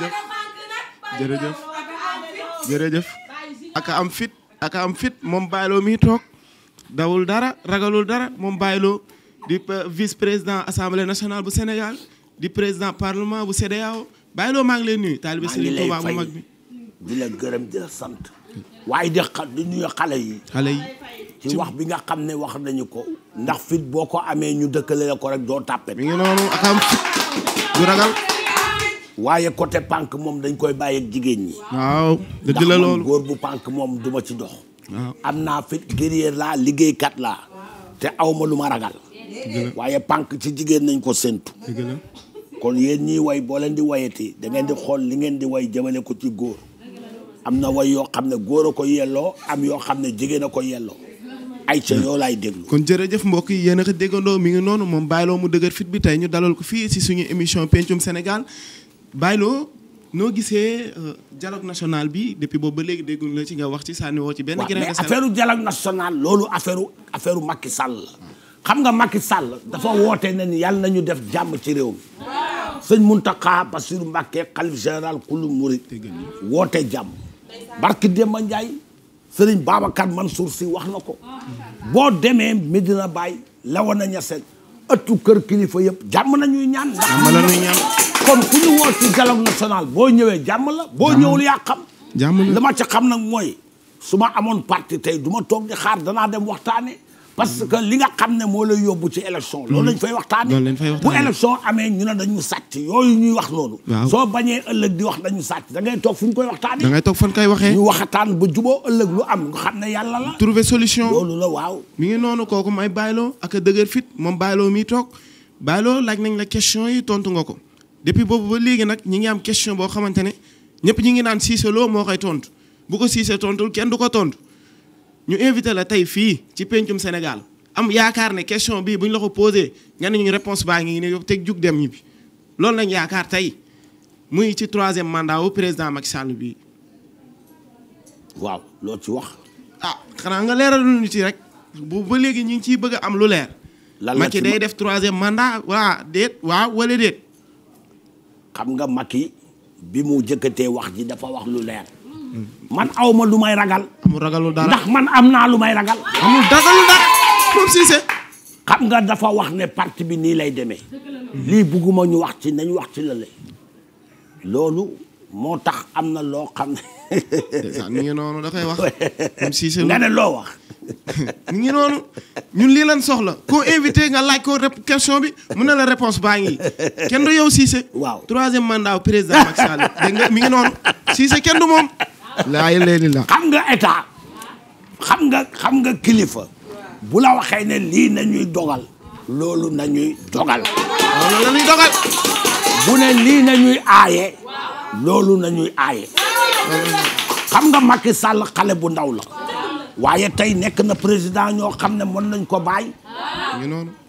jërëjëf jërëjëf jërëjëf aka am fit aka am fit moom bàyyiloo mi toog dawul dara ragalul dara moom bàyyiloo di vice président assemblée nationale bu Sénégal di président parlement bu CEDEAO bàyyiloo maa ngi lay nuyu taalibe Serigne Touba bu mag bi di la gërëm di la sant waaye di xa di nuyu xale yi xale yi ci wax bi nga xam ne wax nañu ko ndax fit boo ko amee ñu dëkkale la ko rek doo tàppet mi ngi noonu aka am fit du ragal waaye côté pànk moom dañ koy bàyyi ak jigéen ñi. waaw dëgg la loolu góor bu pànk moom duma ci dox. am naa fit guerrier laa liggéeykat laa. te aw ma lu ma ragal. waaye pànk ci jigéen nañ ko séntu. kon yéen ñii way boo leen di wayati da ngeen di xool li ngeen di way jëmale ko ci góor. am na way yoo xam ne góor a ko yelloo am yoo xam ne jigéen a ko yelloo. ay ca hmm. yoo laay déglu. kon jërëjëf mbokk yi yéen a ko déggandoo mi ngi noonu moom bàyyiloo mu dëgër fit bi tey ñu dalal ko fii si suñu émission pencum Sénégal. Baylo noo gisee euh, dialogue national bi depuis boobu ba léegi dégguñu la ci nga wax ci sànni woo ci benn. grain de mais affaire dialogue national loolu affaire affaire Macky Sall xam nga Macky Sall dafa woote na ni yàlla nañu def jàmm ci réew mi. sëñ Mountakha Bassirou Mbacké xalif général kullu murid woote jàmm. barki Demba Ndiaye sëriñ man Mansour si wax na ko. boo demee Medina Baye Léona Niassène. ëttu kër kilifa yëpp jàmm la ñuy ñaan. jàmm ñuy ñaan. kon ku ñu woo ci dialogue national boo ñëwee jàmm la. boo ñëwul yaa xam. jàmm la ma ca xam nag mooy su ma amoon parti tey du ma toog di xaar danaa dem waxtaanee. parce que li nga xam ne moo lay yóbbu ci élection loolu lañ fay waxtaanee bu élection amee ñu ne dañu sàcc yooyu ñuy wax noonu soo bañee ëllëg di wax dañu sàcc da ngay toog fu ñu koy waxtaanee da ngay toog fan koy waxee ñu waxataan ba juboo ëllëg lu am nga xam ne yàlla la trouver solution loolu waaw mi ngi noonu kooku may bàyyiloo ak a fit moom bàyyiloo miy toog bàyyiloo laaj nañ la question yi tontu nga ko depuis boobu ba léegi nag ñi ngi am question boo xamante ne ñëpp ñi ngi naan Cissé Lo moo koy tontu bu ko Cissé tontul kenn du ko tontu ñu invité la tey fii ci pencum Sénégal am yaakaar ne question bii bu ñu la ko posé nga ne ñu réponse baa ngi ne yow teg jug dem ñibbi loolu lañ yaakaar tey muy ci troisième mandat wu président Macky Sall bii. waaw loolu ci wax. a ah, xanaa nga leeralal ñu ci rek bu ba léegi ñu ngi ciy bëgg am lu leer. lan Macky day def troisième mandat waa déet waaw wala déet. xam nga Macky bi mu jëkkatee wax ji dafa wax lu leer. man aw ma lu may ragal. amul ragalul dara ndax man am naa lu may ragal. amul ragalul dara Pape Cissé. xam nga dafa wax ne parti bi nii lay demee. lii bugguma ñu wax ci nañu wax ci la loolu moo tax am na loo xam ne. mi ngi noonu da koy wax. Pape Cissé nga ne loo wax. mi ngi noonu ñun lii lan soxla koo invité nga laaj ko question bi mu ne la réponse baa ngi kenn du yow Cissé. waaw troisième mandat président Macky Sall dégg nga mi ngi noonu Cissé kenn du moom. laa leen la xam nga état xam nga xam nga kilifa bu la waxee ne lii nañuy dogal loolu nañuy dogal loolu nañuy dogal bu ne lii nañuy aaye loolu nañuy aaye xam nga Macky Sall xale bu ndaw la waaye tey nekk na président ñoo xam ne mën nañ ko bàyyi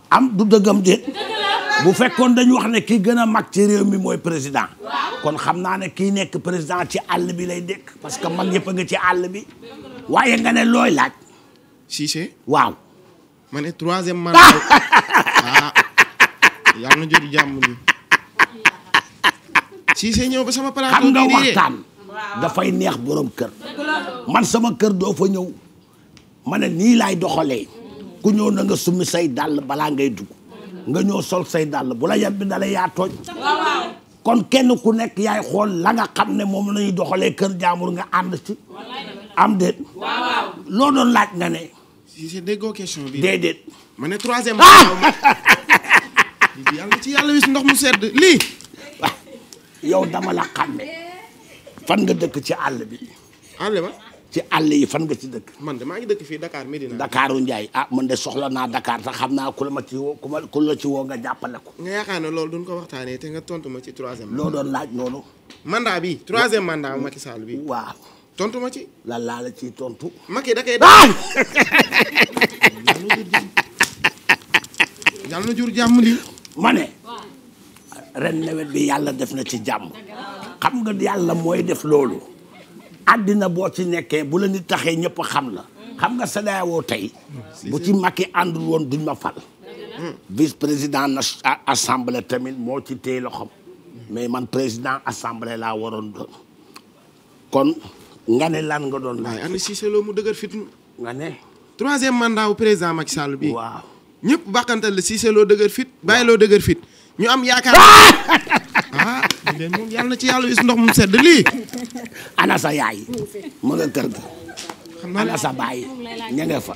am du dëggam déet bu fekkoon dañu wax ne kii gën a mag ci réew mi mooy président kon xam naa ne kii nekk président ci àll bi lay dekk parce que mag yëpp nga ci àll bi waaye nga ne looy laaj. Cissé. waaw. ma ne troisième mandat. ah yàlla na jot jàmm ni. Cissé ñëw ba sama plateau. xam nga waxtaan. dafay neex borom kër. man sama kër doo fa ñëw. ma ne nii laay doxalee. ku ñëw na nga summi say dàll balaa ngay dugg. nga ñëw sol say dàll bu la yat bi dalee yaa tooñ kon kenn ku nekk yaay xool la nga xam ne moom lañuy doxalee kër jaamur nga ànd ci am déet loo doon laaj nga ne si déggoo question bi déedéet ma ne troisième ah! yàlla ci yàlla ndox mu sedd lii ah, yow dama la xam ne fan nga dëkk ci àll bi àll ba ci àll yi fan nga ci dëkk. man de maa ngi dëkk fii dakaar Dakar Medina. Dakaru Ndiaye ah man de soxla naa Dakar sax xam naa ku la ma ci woo ku ma la ci woo nga jàppale ko. nga yaakaar ne loolu duñ ko waxtaanee te nga tontu ma ci troisième. loo doon laaj loolu. mandat bi troisième ma Macky Sall bi. waaw tontu ma ci. lan laa la ciy tontu. Macky da koy. Ah! yàlla na jur jàmm li ma ne. ren nawet bi yàlla def na ci jàmm. xam nga yàlla mooy def loolu. addina boo ci nekkee bu la nit taxee ñëpp xam la xam nga CEDEAO tey bu ci Macky àndul woon duñ ma fal vice président assemblée tamit moo ci téye loxoom mais man président assemblée laa waroon doon kon nga ne lan nga doon laaj ana Cissé Lo mu dëgër fit nga ne troisième mandat wu président Macky Sall bi waaw ñëpp bàqantal la Cissé Lo dëgër fit bàyyi loo dëgër fit ñu am yaakaar ah. moom yàlla na ci yàlla yi ndox mu sedd lii. ana sa yaay. mu nga kër ga. ana sa baay ña fa.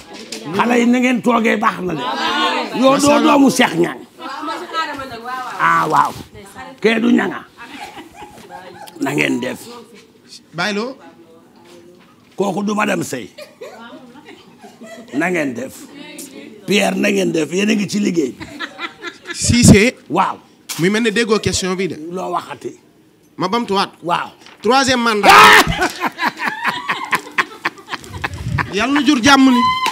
xale yi na ngeen toogee baax na le yoo doo doomu Seex ñang ah waaw. kee du ñanga. na ngeen def. bàyyiloo. kooku du ma sey sëy na ngeen def. Pierre na ngeen def yéen a ngi ci liggéey bi. Cissé waaw. muy mel ne déggoo question bii de. loo waxati. ma bamtuwaat. waaw troisième mandat. yàlla na jur jàmm ni